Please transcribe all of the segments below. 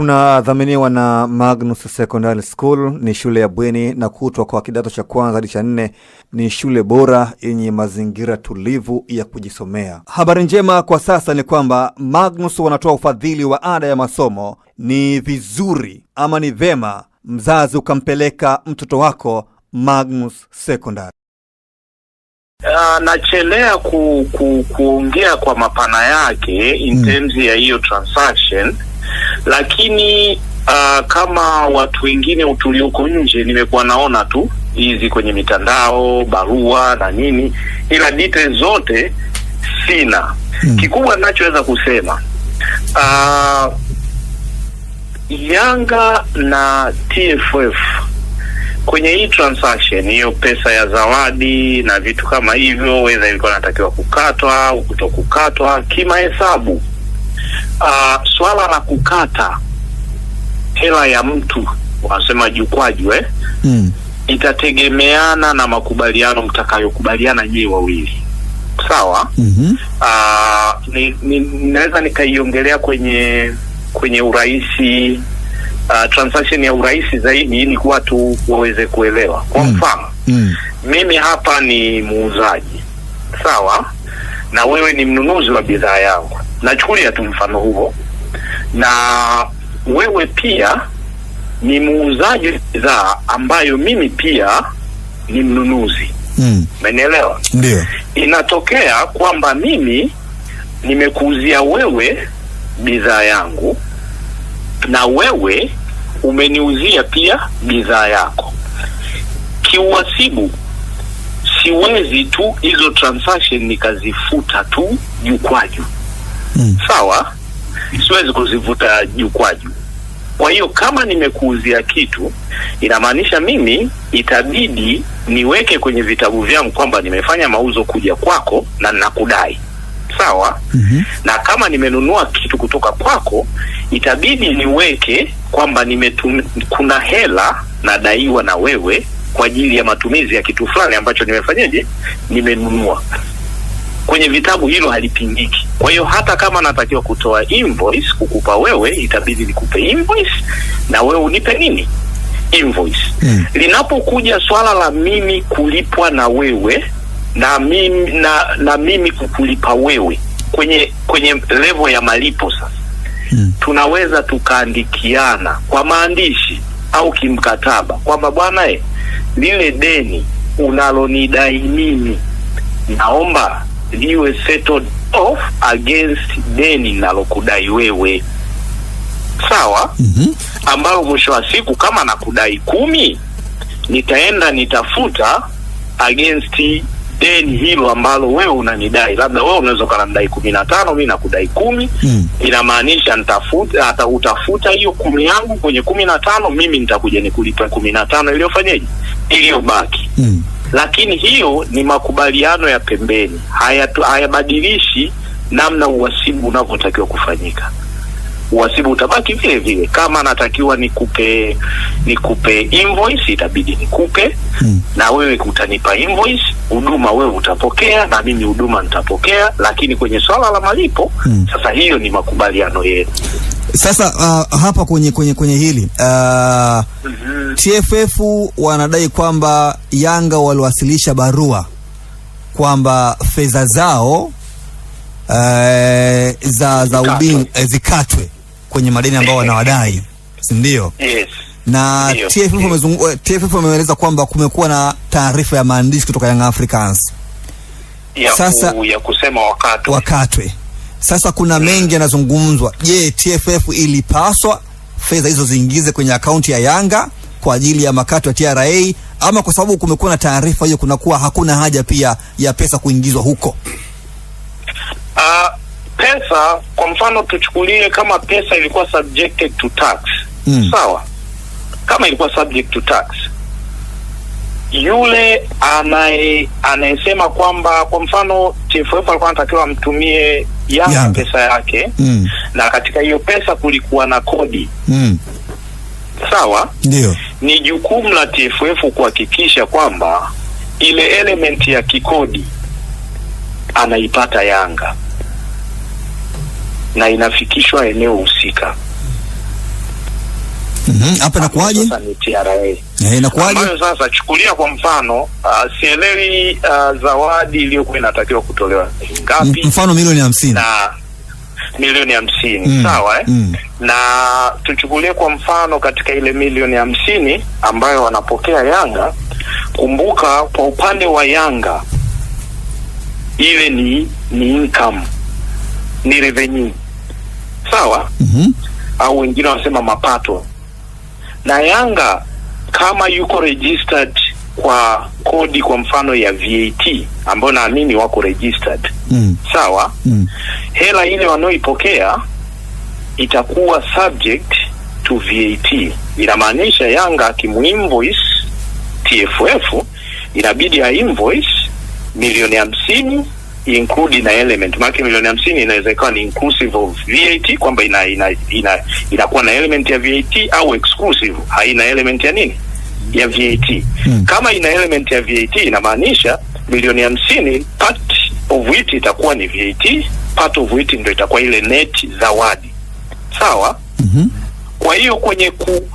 Tunadhaminiwa na Magnus Secondary School. Ni shule ya bweni na kutwa kwa kidato cha kwanza hadi cha nne. Ni shule bora yenye mazingira tulivu ya kujisomea. Habari njema kwa sasa ni kwamba Magnus wanatoa ufadhili wa ada ya masomo. Ni vizuri ama ni vema mzazi ukampeleka mtoto wako Magnus Secondary. Uh, nachelea ku, ku, kuongea kwa mapana yake in hmm. terms ya hiyo transaction lakini uh, kama watu wengine tulioko nje nimekuwa naona tu hizi kwenye mitandao barua na nini, ila dite zote sina. Hmm. Kikubwa ninachoweza kusema uh, Yanga na TFF kwenye hii transaction hiyo, pesa ya zawadi na vitu kama hivyo, weza ilikuwa natakiwa kukatwa au kutokukatwa, kimahesabu uh, swala la kukata hela ya mtu wanasema jukwaju eh? mm. itategemeana na makubaliano mtakayokubaliana nyie wawili sawa. mm -hmm. uh, ni, ni, naweza nikaiongelea kwenye kwenye urahisi uh, transaction ya urahisi zaidi ili watu waweze kuelewa. Kwa hmm. mfano mm. mm. mimi hapa ni muuzaji sawa na wewe ni mnunuzi wa bidhaa yangu. Nachukulia tu mfano huo, na wewe pia ni muuzaji wa bidhaa ambayo mimi pia ni mnunuzi mm. Ndio inatokea kwamba mimi nimekuuzia wewe bidhaa yangu na wewe umeniuzia pia bidhaa yako. Kiuhasibu, siwezi tu hizo transaction nikazifuta tu juu kwa juu mm. Sawa, siwezi kuzivuta juu kwa juu. Kwa hiyo kama nimekuuzia kitu, inamaanisha mimi itabidi niweke kwenye vitabu vyangu kwamba nimefanya mauzo kuja kwako na nakudai sawa. mm -hmm. Na kama nimenunua kitu kutoka kwako, itabidi niweke kwamba nimetum, kuna hela nadaiwa na wewe kwa ajili ya matumizi ya kitu fulani ambacho nimefanyaje, nimenunua. Kwenye vitabu hilo halipingiki. Kwa hiyo hata kama natakiwa kutoa invoice kukupa wewe, itabidi nikupe invoice na wewe unipe nini invoice. Mm. Linapokuja swala la mimi kulipwa na wewe na mimi, na, na mimi kukulipa wewe kwenye kwenye level ya malipo sasa Hmm. Tunaweza tukaandikiana kwa maandishi au kimkataba kwamba bwana, e, lile deni unalonidai mimi naomba liwe settled off against deni nalokudai wewe, sawa? mm -hmm. Ambalo mwisho wa siku kama nakudai kumi, nitaenda nitafuta against deni hilo ambalo wewe unanidai, labda wewe unaweza mdai kumi na tano, mimi nakudai kumi. mm. Inamaanisha nitafuta hata utafuta hiyo kumi yangu kwenye kumi na tano, mimi nitakuja nikulipa kumi na tano iliyofanyeje iliyobaki mm. Lakini hiyo ni makubaliano ya pembeni, hayabadilishi haya namna uhasibu unavyotakiwa kufanyika. Uhasibu utabaki vile vile, kama natakiwa nikupe nikupe invoice itabidi nikupe mm. na wewe utanipa invoice, huduma wewe utapokea na mimi huduma nitapokea, lakini kwenye swala la malipo mm. Sasa hiyo ni makubaliano yenu sasa uh, hapa kwenye kwenye kwenye hili uh, mm -hmm. TFF wanadai kwamba Yanga waliwasilisha barua kwamba fedha zao uh, za, za ubing eh, zikatwe kwenye madeni ambao wanawadai, si ndio? Yes. Na yes. Eh, TFF wameeleza kwamba kumekuwa na taarifa ya maandishi kutoka Young Africans ya, sasa, ku, ya kusema wakatwe, wakatwe. Sasa kuna mengi yanazungumzwa. Je, TFF ilipaswa fedha hizo ziingize kwenye akaunti ya Yanga kwa ajili ya makato ya TRA ama kwa sababu kumekuwa na taarifa hiyo kunakuwa hakuna haja pia ya pesa kuingizwa huko? Uh, pesa kwa mfano tuchukulie kama pesa ilikuwa subjected to tax. Mm. Sawa. Kama ilikuwa subject to tax. Yule anaye anayesema kwamba kwa mfano TFF alikuwa anatakiwa amtumie Yanga, Yanga pesa yake mm. na katika hiyo pesa kulikuwa na kodi mm. Sawa, ndio ni jukumu la TFF kuhakikisha kwamba ile element ya kikodi anaipata Yanga na inafikishwa eneo husika. Mm hapa Inakuwaje? Sasa ni TRA. Eh, inakuwaje? Sasa chukulia kwa mfano, uh, sielewi uh, zawadi iliyokuwa inatakiwa kutolewa ngapi? Mfano milioni 50. Na milioni hamsini mm. Sawa eh? Mm. Na tuchukulie kwa mfano katika ile milioni hamsini ambayo wanapokea Yanga, kumbuka kwa upande wa Yanga ile ni ni income, ni revenue sawa, mm -hmm. Au wengine wanasema mapato na Yanga kama yuko registered kwa kodi kwa mfano ya VAT ambayo naamini wako registered mm. Sawa mm. Hela ile wanaoipokea itakuwa subject to VAT. Inamaanisha Yanga akimuinvoice TFF inabidi invoice milioni hamsini include na element maana milioni hamsini inaweza ikawa ni inclusive of VAT kwamba ina ina ina, inakuwa na element ya VAT au exclusive haina element ya nini ya VAT. Hmm. Kama ina element ya VAT inamaanisha milioni hamsini part of it itakuwa ni VAT, part of it ndio itakuwa ile net zawadi. Sawa? Mm-hmm. Kwa hiyo kwenye ku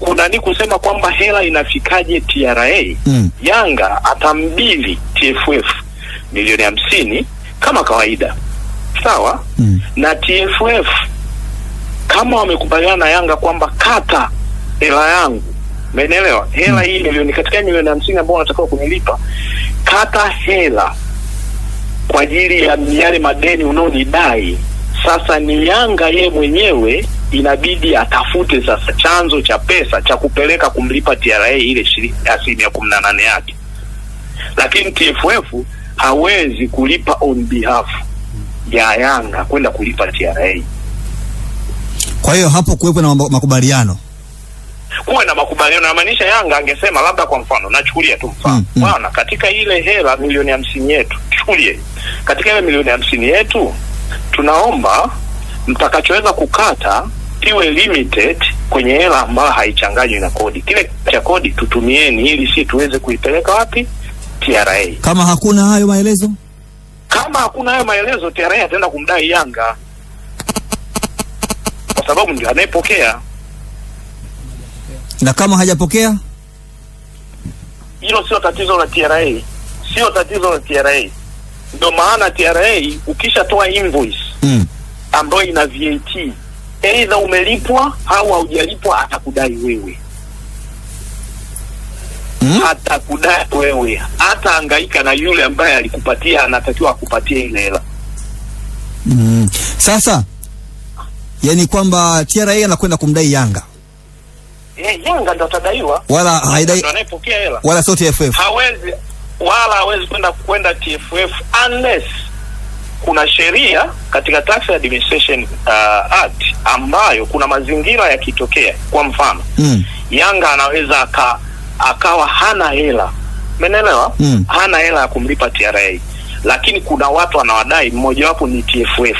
kunani kusema kwamba hela inafikaje TRA, mm. Yanga atambili TFF milioni hamsini kama kawaida, sawa mm. na TFF kama wamekubaliana na Yanga kwamba kata hela yangu, umeelewa? Hela mm. hii milioni katika milioni hamsini ambao wanatakiwa kunilipa, kata hela kwa ajili ya yale madeni unaonidai. Sasa ni Yanga ye mwenyewe inabidi atafute sasa chanzo cha pesa cha kupeleka kumlipa TRA ile asilimia kumi na nane yake, lakini TFF hawezi kulipa on behalf ya Yanga kwenda kulipa TRA. Kwa hiyo hapo kuwepo na makubaliano, kuwe na makubaliano namaanisha Yanga angesema labda, kwa mfano, nachukulia tu mfano mm, mm. bwana, katika ile hela milioni hamsini yetu, chukulie katika ile milioni hamsini yetu, tunaomba mtakachoweza kukata iwe limited kwenye hela ambayo haichanganywi na kodi. Kile cha kodi tutumieni, ili si tuweze kuipeleka wapi TRA. Kama hakuna hayo maelezo, kama hakuna hayo maelezo, TRA ataenda kumdai Yanga kwa sababu ndio anayepokea, na kama hajapokea, hilo sio tatizo la TRA, sio tatizo la TRA. Ndio maana TRA ukishatoa invoice mm, ambayo ina VAT, aidha umelipwa au haujalipwa, atakudai wewe mm. hata kudai wewe, hata angaika na yule ambaye alikupatia, anatakiwa akupatie ile hela mm. Sasa yani kwamba TRA anakwenda kumdai Yanga eh, Yanga ndo atadaiwa, wala haidai anayepokea hela, wala sio TFF, hawezi wala hawezi kwenda kwenda TFF unless kuna sheria katika Tax Administration uh, Act ambayo kuna mazingira yakitokea, kwa mfano mm. Yanga anaweza aka akawa hana hela, umeelewa? mm. hana hela ya kumlipa TRA, lakini kuna watu anawadai, mmojawapo ni TFF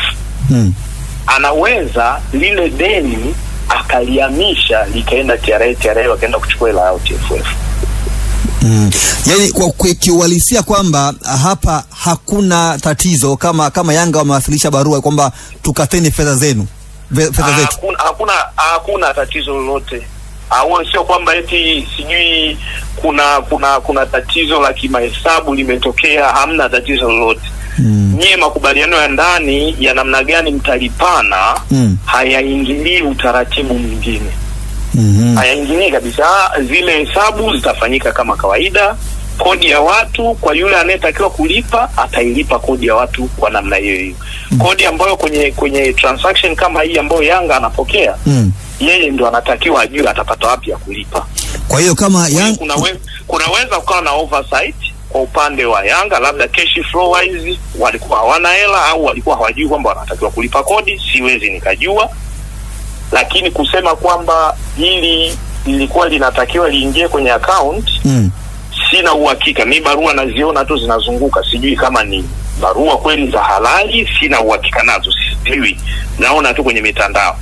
mm. anaweza lile deni akaliamisha likaenda TRA, TRA wakaenda kuchukua hela yao TFF. Mm. Yaani kwa kiuhalisia kwamba hapa hakuna tatizo kama kama Yanga wamewasilisha barua kwamba tukateni fedha zenu, fedha zetu. Hakuna, hakuna, hakuna tatizo lolote au sio kwamba eti sijui kuna kuna kuna tatizo la kimahesabu limetokea. Hamna tatizo lolote mm. Nyie makubaliano ya ndani ya namna gani mtalipana mm. hayaingilii utaratibu mwingine mm-hmm. hayaingilii kabisa. Zile hesabu zitafanyika kama kawaida. Kodi ya watu kwa yule anayetakiwa kulipa atailipa kodi ya watu kwa namna hiyo hiyo mm. kodi ambayo kwenye kwenye transaction kama hii ambayo Yanga anapokea mm yeye ndo anatakiwa ajue atapata wapi ya kulipa. Kwa hiyo kama yang... kunawe, kunaweza ukawa na oversight kwa upande wa Yanga, labda cash flow wise walikuwa hawana hela au walikuwa hawajui kwamba wanatakiwa kulipa kodi, siwezi nikajua, lakini kusema kwamba hili lilikuwa linatakiwa liingie kwenye account mm. Sina uhakika mi, barua naziona tu zinazunguka, sijui kama ni barua kweli za halali, sina uhakika nazo, sijui, naona tu kwenye mitandao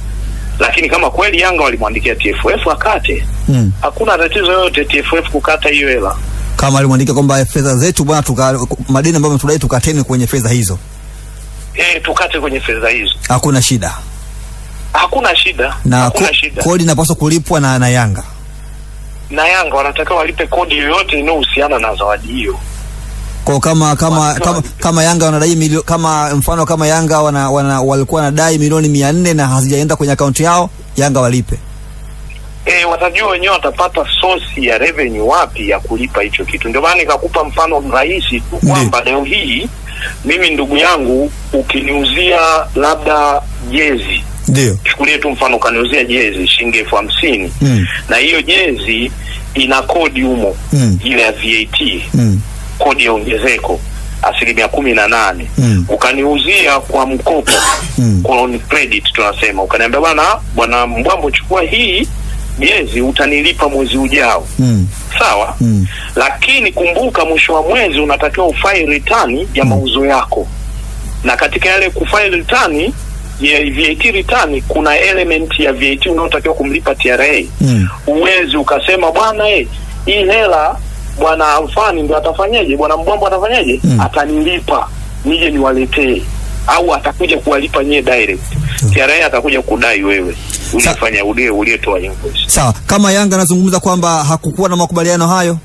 lakini kama kweli Yanga walimwandikia TFF akate, mm. hakuna tatizo yote TFF kukata hiyo hela, kama alimwandikia kwamba fedha zetu bwana, tuka madeni ambayo tunadai tukateni kwenye fedha hizo, eh, tukate kwenye fedha hizo, hakuna shida, hakuna shida na hakuna ko, shida. Kodi inapaswa kulipwa na, na Yanga na Yanga wanatakiwa walipe kodi yoyote inayohusiana na zawadi hiyo. Kwa kama kama kama, kama Yanga wanadai milio, kama mfano kama Yanga wana, wana walikuwa wanadai milioni mia nne na hazijaenda kwenye akaunti yao, Yanga walipe. E, watajua wenyewe watapata sosi ya revenue wapi ya kulipa hicho kitu. Ndio maana nikakupa mfano rahisi tu kwamba leo hii mimi ndugu yangu ukiniuzia labda jezi, ndio chukulie tu mfano ukaniuzia jezi shilingi elfu hamsini mm. na hiyo jezi ina kodi humo mm. ile ya VAT mm kodi ya ongezeko asilimia kumi na nane mm. ukaniuzia kwa mkopo mm. on credit tunasema, ukaniambia bwana bwana Mbwambo, chukua hii miezi utanilipa mwezi ujao mm. sawa mm. Lakini kumbuka mwisho wa mwezi unatakiwa ufai ritani ya mm. mauzo yako, na katika yale kufai ritani ya VAT return kuna element ya VAT unaotakiwa kumlipa TRA mm. Uwezi ukasema bwana eh, hii hela bwana Alfani ndo atafanyaje, bwana Mbwambo atafanyaje, mm. atanilipa nije niwaletee, au atakuja kuwalipa nyie direct mm. atakuja kudai wewe ulifanya ulie uliyetoa invoice. Sawa, kama Yanga anazungumza kwamba hakukuwa na makubaliano hayo.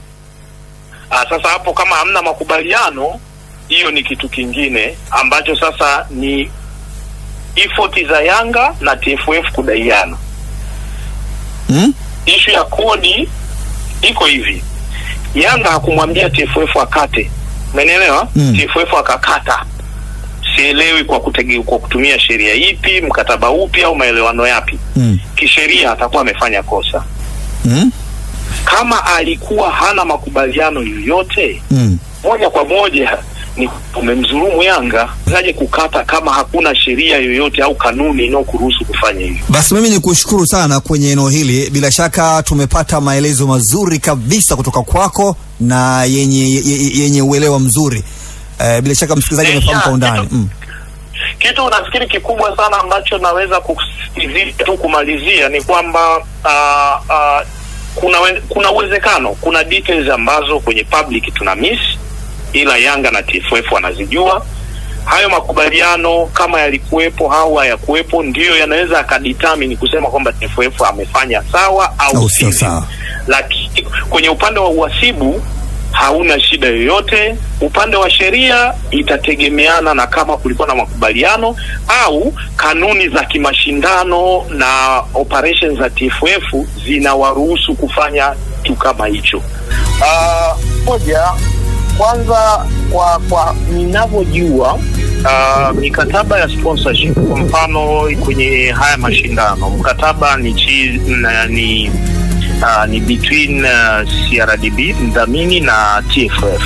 Aa, ah, sasa hapo kama hamna makubaliano hiyo ni kitu kingine ambacho sasa ni effort za Yanga na TFF kudaiana. Mm? Ishu ya kodi iko hivi Yanga hakumwambia TFF akate, umenielewa? mm. TFF akakata, sielewi kwa kutegi, kwa kutumia sheria ipi, mkataba upi au maelewano yapi? mm. Kisheria atakuwa amefanya kosa mm. Kama alikuwa hana makubaliano yoyote mm. moja kwa moja ni umemdhulumu Yanga, aje kukata kama hakuna sheria yoyote au kanuni inayokuruhusu kufanya hivyo? Basi mimi nikushukuru sana kwenye eneo hili, bila shaka tumepata maelezo mazuri kabisa kutoka kwako na yenye yenye uelewa mzuri. Uh, bila shaka msikilizaji amefahamu eh, kwa undani mm. Kitu nafikiri kikubwa sana ambacho naweza kusisitiza tu kumalizia ni kwamba uh, uh, kuna we, kuna uwezekano kuna details ambazo kwenye public tuna miss ila Yanga na TFF wanazijua hayo makubaliano kama yalikuwepo au hayakuwepo, ndiyo yanaweza akadetermine kusema kwamba TFF amefanya sawa au sio sawa. Lakini kwenye upande wa uhasibu hauna shida yoyote. Upande wa sheria itategemeana na kama kulikuwa na makubaliano au kanuni za kimashindano na operations za TFF zinawaruhusu kufanya kitu kama hicho. Uh, moja kwanza kwa kwa ninavyojua uh, mikataba ya sponsorship kwa mfano kwenye haya mashindano mkataba ni chiz, na, ni uh, ni between uh, CRDB mdhamini na TFF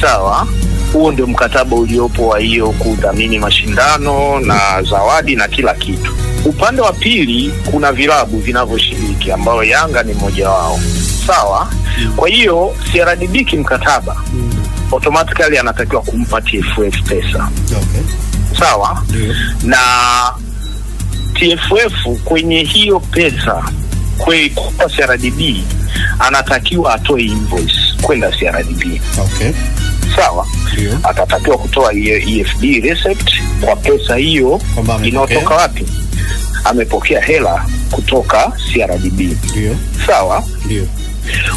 sawa. Huo ndio mkataba uliopo wa hiyo kudhamini mashindano na zawadi na kila kitu. Upande wa pili kuna vilabu vinavyoshiriki ambayo Yanga ni mmoja wao sawa. Kwa hiyo CRDB kimkataba automatically anatakiwa kumpa TFF pesa. Okay. Sawa? Ndiyo. Na TFF kwenye hiyo pesa kwa CRDB anatakiwa atoe invoice kwenda CRDB. Okay. Sawa? Ndiyo. Atatakiwa kutoa EFD receipt kwa pesa hiyo inayotoka wapi? Amepokea hela kutoka CRDB. Sawa? Ndiyo.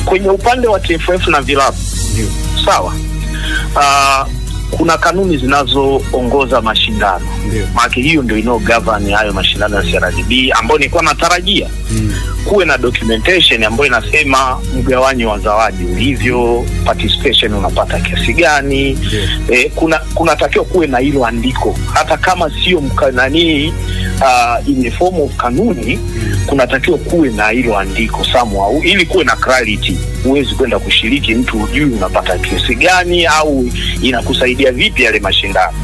Kwenye upande wa TFF na vilabu. Ndiyo. Sawa? uh, kuna kanuni zinazoongoza mashindano maake, hiyo ndio inao govern hayo mashindano ya CRDB ambayo nilikuwa natarajia mm. kuwe na documentation ambayo inasema mgawanyo wa zawadi ulivyo, participation unapata kiasi gani e, kuna kunatakiwa kuwe na hilo andiko, hata kama sio mkananii uh, in the form of kanuni mm. kunatakiwa kuwe na hilo andiko samwa ili kuwe na clarity. Huwezi kwenda kushiriki mtu ujui unapata kiasi gani au inakusaidia kufuatilia vipi yale mashindano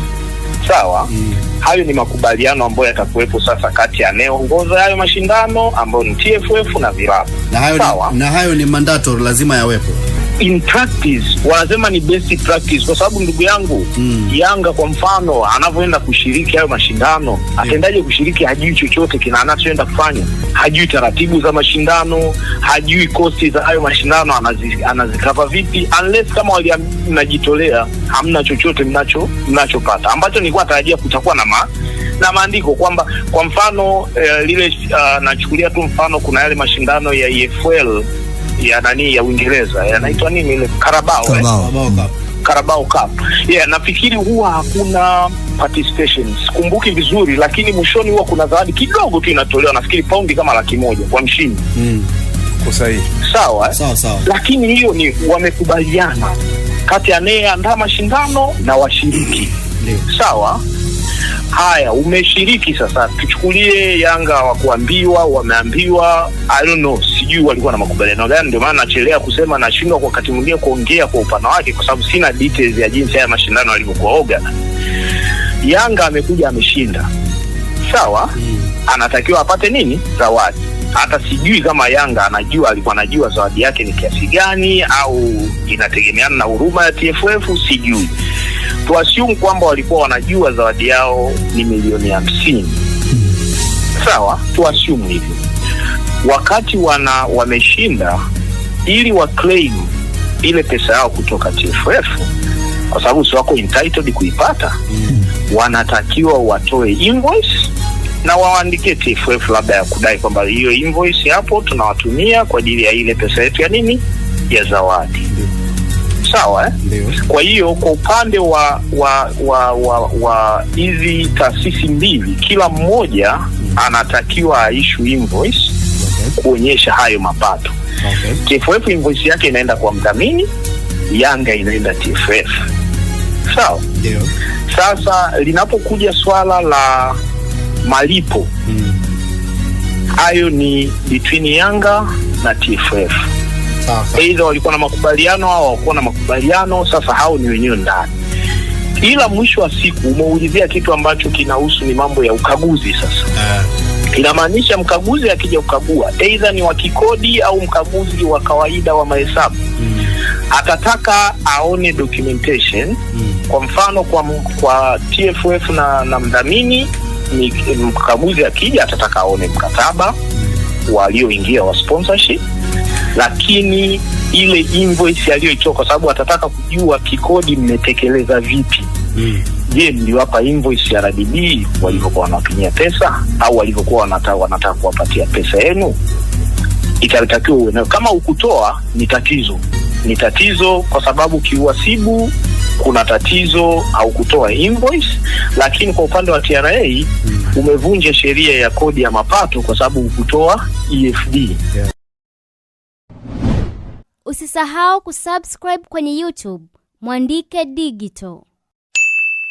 sawa. Mm. Hayo ni makubaliano ambayo yatakuwepo sasa kati ya anayeongoza hayo mashindano ambayo ni TFF na vilabu na hayo, na hayo ni mandato lazima yawepo in practice wanasema ni best practice, kwa sababu ndugu yangu mm. Yanga kwa mfano anavyoenda kushiriki hayo mashindano mm. Atendaje kushiriki? Hajui chochote kina anachoenda kufanya, hajui taratibu za mashindano, hajui kosti za hayo mashindano anazikava vipi, unless kama walinajitolea hamna chochote mnacho mnachopata, ambacho nilikuwa tarajia kutakuwa na ma, na maandiko kwamba kwa mfano eh, lile uh, nachukulia tu mfano kuna yale mashindano ya EFL ya nani ya Uingereza yanaitwa nini ile Carabao eh? Carabao Cup Cup. Yeah, nafikiri huwa hakuna participation. Sikumbuki vizuri lakini mwishoni huwa kuna zawadi kidogo tu inatolewa, nafikiri paundi kama laki moja kwa mshindi. Mm. Kwa sahihi. Sawa, eh? Sawa, sawa. Lakini hiyo ni wamekubaliana kati ya anayeandaa mashindano na washiriki. Sawa. Haya, umeshiriki sasa. Tuchukulie Yanga wakuambiwa wameambiwa, I don't know, sijui walikuwa na makubaliano gani, ndio maana nachelea kusema, nashindwa kwa wakati mwingine kuongea kwa upana wake, kwa sababu sina details ya jinsi haya mashindano yalivyokuwa Yanga amekuja ameshinda, sawa, hmm. anatakiwa apate nini? Zawadi. Hata sijui kama Yanga anajua, alikuwa anajua zawadi yake ni kiasi gani, au inategemeana na huruma ya TFF, sijui tuasiumu kwamba walikuwa wanajua zawadi yao ni milioni hamsini, sawa, tuasiumu hivyo. Wakati wana wameshinda, ili waclaim ile pesa yao kutoka TFF, kwa sababu si wako entitled kuipata, wanatakiwa watoe invoice na waandikie TFF labda ya kudai kwamba hiyo invoice hapo tunawatumia kwa ajili ya ile pesa yetu ya nini ya zawadi sawa eh? Kwa hiyo kwa upande wa wa wa hizi wa, hizi taasisi mbili, kila mmoja anatakiwa aishu invoice okay, kuonyesha hayo mapato okay. TFF invoice yake inaenda kwa mdhamini, Yanga inaenda TFF sawa. Sasa linapokuja swala la malipo hmm. hayo, ni between Yanga na TFF. Aidha walikuwa na makubaliano au hawakuwa na makubaliano, sasa hao ni wenyewe ndani. Ila mwisho wa siku umeulizia kitu ambacho kinahusu ni mambo ya ukaguzi sasa yeah. Inamaanisha mkaguzi akija kukagua, aidha ni wa kikodi au mkaguzi wa kawaida wa mahesabu mm. atataka aone documentation mm. Kwa mfano kwa, kwa TFF na, na mdhamini mkaguzi akija atataka aone mkataba hmm. walioingia wa sponsorship lakini ile invoice aliyoitoa, kwa sababu atataka kujua kikodi mmetekeleza vipi. mm. mliwapa invoice ya RDB walivyokuwa wanawapimia pesa au walivyokuwa wanataka wanataka kuwapatia pesa yenu? Itatakiwa uwe nayo. Kama ukutoa ni tatizo, ni tatizo kwa sababu kiuhasibu kuna tatizo au kutoa invoice, lakini kwa upande wa TRA hmm. umevunja sheria ya kodi ya mapato kwa sababu ukutoa EFD, yeah. Usisahau kusubscribe kwenye YouTube Mwandike Digital.